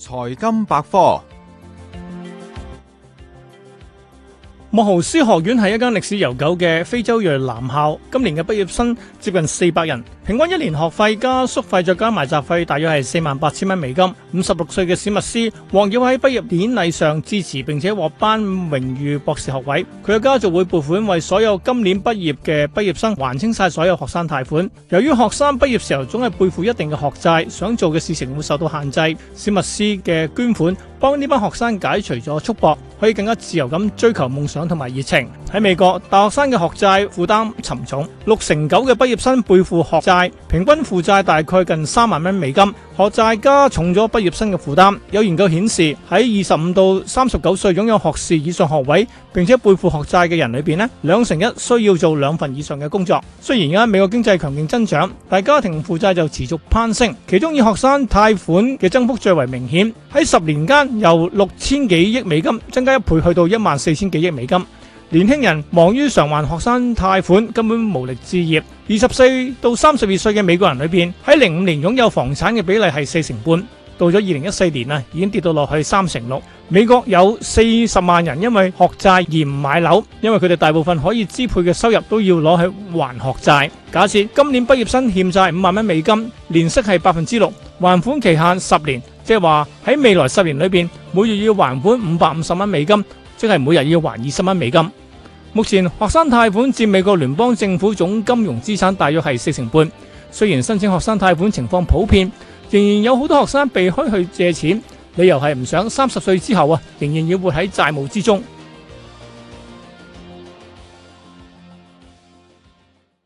財經百科。莫豪斯學院係一間歷史悠久嘅非洲裔男校，今年嘅畢業生接近四百人，平均一年學費加宿費再加埋雜費，大約係四萬八千蚊美金。五十六歲嘅史密斯，獲邀喺畢業典禮上致辭，並且獲頒榮譽博士學位。佢嘅家族會撥款為所有今年畢業嘅畢業生還清晒所有學生貸款。由於學生畢業時候總係背負一定嘅學債，想做嘅事情會受到限制。史密斯嘅捐款幫呢班學生解除咗束縛。可以更加自由咁追求夢想同埋熱情。喺美國，大學生嘅學債負擔沉重，六成九嘅畢業生背負學債，平均負債大概近三萬蚊美金。學債加重咗畢業生嘅負擔。有研究顯示，喺二十五到三十九歲擁有學士以上學位並且背負學債嘅人裏面，咧，兩成一需要做兩份以上嘅工作。雖然而家美國經濟強勁增長，但家庭負債就持續攀升，其中以學生貸款嘅增幅最為明顯。喺十年間由六千幾億美金增加，一倍去到一萬四千幾億美金，年輕人忙於償還學生貸款，根本無力置業。二十四到三十二歲嘅美國人裏邊，喺零五年擁有房產嘅比例係四成半，到咗二零一四年啊，已經跌到落去三成六。美國有四十萬人因為學債而唔買樓，因為佢哋大部分可以支配嘅收入都要攞去還學債。假設今年畢業生欠債五萬蚊美金，年息係百分之六，還款期限十年。即係話喺未來十年裏邊，每月要還款五百五十蚊美金，即係每日要還二十蚊美金。目前學生貸款佔美國聯邦政府總金融資產大約係四成半。雖然申請學生貸款情況普遍，仍然有好多學生避開去借錢，理由係唔想三十歲之後啊，仍然要活喺債務之中。